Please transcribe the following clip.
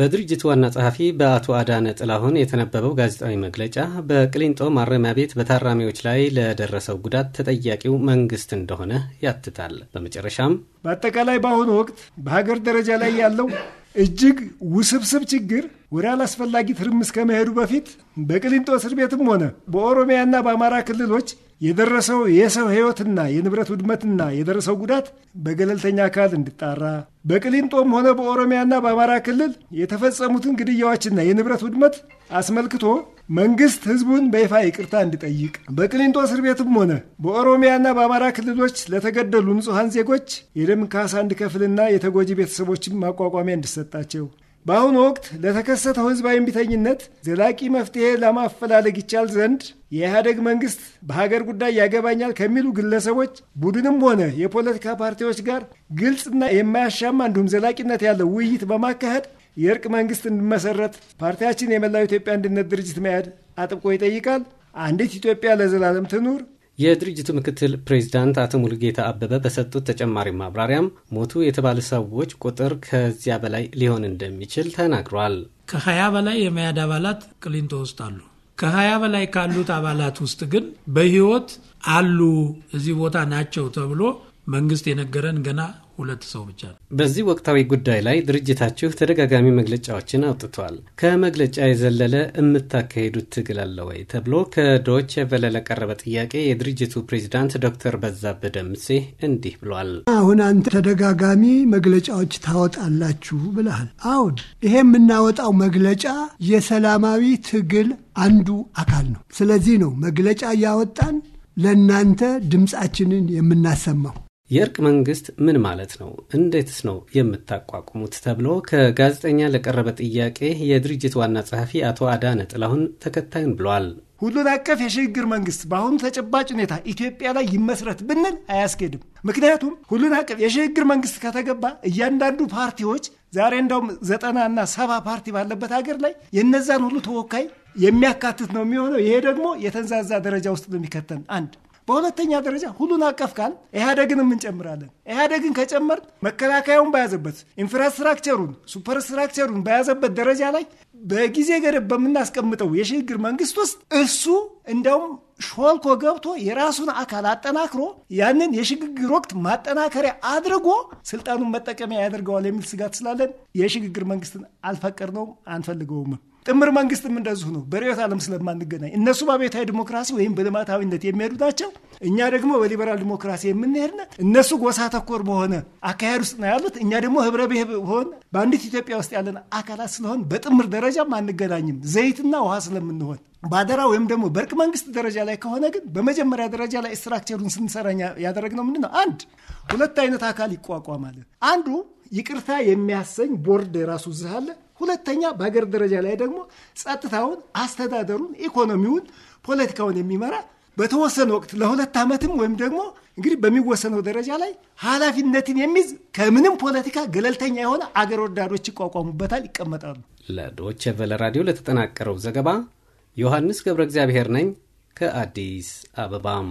በድርጅቱ ዋና ጸሐፊ በአቶ አዳነ ጥላሁን የተነበበው ጋዜጣዊ መግለጫ በቅሊንጦ ማረሚያ ቤት በታራሚዎች ላይ ለደረሰው ጉዳት ተጠያቂው መንግስት እንደሆነ ያትታል። በመጨረሻም በአጠቃላይ በአሁኑ ወቅት በሀገር ደረጃ ላይ ያለው እጅግ ውስብስብ ችግር ወደ አላስፈላጊ ትርምስ ከመሄዱ በፊት በቅሊንጦ እስር ቤትም ሆነ በኦሮሚያና በአማራ ክልሎች የደረሰው የሰው ሕይወትና የንብረት ውድመትና የደረሰው ጉዳት በገለልተኛ አካል እንዲጣራ በቅሊንጦም ሆነ በኦሮሚያና በአማራ ክልል የተፈጸሙትን ግድያዎችና የንብረት ውድመት አስመልክቶ መንግስት ህዝቡን በይፋ ይቅርታ እንዲጠይቅ በቅሊንጦ እስር ቤትም ሆነ በኦሮሚያና በአማራ ክልሎች ለተገደሉ ንጹሐን ዜጎች የደም ካሳ እንዲከፍልና የተጎጂ ቤተሰቦችም ማቋቋሚያ እንዲሰጣቸው በአሁኑ ወቅት ለተከሰተው ህዝባዊ እምቢተኝነት ዘላቂ መፍትሄ ለማፈላለግ ይቻል ዘንድ የኢህአደግ መንግስት በሀገር ጉዳይ ያገባኛል ከሚሉ ግለሰቦች፣ ቡድንም ሆነ የፖለቲካ ፓርቲዎች ጋር ግልጽና የማያሻማ እንዲሁም ዘላቂነት ያለው ውይይት በማካሄድ የእርቅ መንግስት እንዲመሰረት ፓርቲያችን የመላው ኢትዮጵያ አንድነት ድርጅት መያድ አጥብቆ ይጠይቃል። አንዲት ኢትዮጵያ ለዘላለም ትኑር። የድርጅቱ ምክትል ፕሬዚዳንት አቶ ሙሉጌታ አበበ በሰጡት ተጨማሪ ማብራሪያም ሞቱ የተባሉ ሰዎች ቁጥር ከዚያ በላይ ሊሆን እንደሚችል ተናግሯል ከሀያ ከ20 በላይ የመያድ አባላት ቅሊንጦ ውስጥ አሉ። በላይ ካሉት አባላት ውስጥ ግን በህይወት አሉ እዚህ ቦታ ናቸው ተብሎ መንግስት የነገረን ገና ሁለት ሰው ብቻ ነው። በዚህ ወቅታዊ ጉዳይ ላይ ድርጅታችሁ ተደጋጋሚ መግለጫዎችን አውጥቷል። ከመግለጫ የዘለለ የምታካሄዱት ትግል አለ ወይ ተብሎ ከዶች ቬለ ቀረበ ጥያቄ የድርጅቱ ፕሬዚዳንት ዶክተር በዛብህ ደምሴ እንዲህ ብሏል። አሁን አንተ ተደጋጋሚ መግለጫዎች ታወጣላችሁ ብለሃል። አሁን ይሄ የምናወጣው መግለጫ የሰላማዊ ትግል አንዱ አካል ነው። ስለዚህ ነው መግለጫ እያወጣን ለእናንተ ድምፃችንን የምናሰማው የእርቅ መንግስት ምን ማለት ነው? እንዴትስ ነው የምታቋቁሙት? ተብሎ ከጋዜጠኛ ለቀረበ ጥያቄ የድርጅት ዋና ጸሐፊ አቶ አዳነ ጥላሁን ተከታዩን ብሏል። ሁሉን አቀፍ የሽግግር መንግስት በአሁኑ ተጨባጭ ሁኔታ ኢትዮጵያ ላይ ይመስረት ብንል አያስኬድም። ምክንያቱም ሁሉን አቀፍ የሽግግር መንግስት ከተገባ እያንዳንዱ ፓርቲዎች ዛሬ እንደውም ዘጠናና ሰባ ፓርቲ ባለበት ሀገር ላይ የነዛን ሁሉ ተወካይ የሚያካትት ነው የሚሆነው። ይሄ ደግሞ የተንዛዛ ደረጃ ውስጥ ነው የሚከተን አንድ በሁለተኛ ደረጃ ሁሉን አቀፍ ካል ኢህአዴግንም እንጨምራለን። ኢህአዴግን ከጨመር መከላከያውን በያዘበት ኢንፍራስትራክቸሩን፣ ሱፐርስትራክቸሩን በያዘበት ደረጃ ላይ በጊዜ ገደብ በምናስቀምጠው የሽግግር መንግስት ውስጥ እሱ እንደውም ሾልኮ ገብቶ የራሱን አካል አጠናክሮ ያንን የሽግግር ወቅት ማጠናከሪያ አድርጎ ስልጣኑን መጠቀሚያ ያደርገዋል የሚል ስጋት ስላለን የሽግግር መንግስትን አልፈቀድነውም፣ አንፈልገውም። ጥምር መንግስትም እንደዚሁ ነው። በርዕዮተ ዓለም ስለማንገናኝ እነሱ በአብዮታዊ ዲሞክራሲ ወይም በልማታዊነት የሚሄዱ ናቸው። እኛ ደግሞ በሊበራል ዲሞክራሲ የምንሄድነ እነሱ ጎሳ ተኮር በሆነ አካሄድ ውስጥ ነው ያሉት። እኛ ደግሞ ህብረ ብሔር ሆን በአንዲት ኢትዮጵያ ውስጥ ያለን አካላት ስለሆን በጥምር ደረጃ አንገናኝም። ዘይትና ውሃ ስለምንሆን በአደራ ወይም ደግሞ በእርቅ መንግስት ደረጃ ላይ ከሆነ ግን በመጀመሪያ ደረጃ ላይ ስትራክቸሩን ስንሰራ ያደረግነው ምንድን ነው? አንድ ሁለት አይነት አካል ይቋቋማል። አንዱ ይቅርታ የሚያሰኝ ቦርድ የራሱ ዝህ አለ። ሁለተኛ በሀገር ደረጃ ላይ ደግሞ ጸጥታውን፣ አስተዳደሩን፣ ኢኮኖሚውን፣ ፖለቲካውን የሚመራ በተወሰነ ወቅት ለሁለት ዓመትም ወይም ደግሞ እንግዲህ በሚወሰነው ደረጃ ላይ ኃላፊነትን የሚይዝ ከምንም ፖለቲካ ገለልተኛ የሆነ አገር ወዳዶች ይቋቋሙበታል፣ ይቀመጣሉ። ለዶይቼ ራዲዮ ለተጠናቀረው ዘገባ ዮሐንስ ገብረ እግዚአብሔር ነኝ ከአዲስ አበባም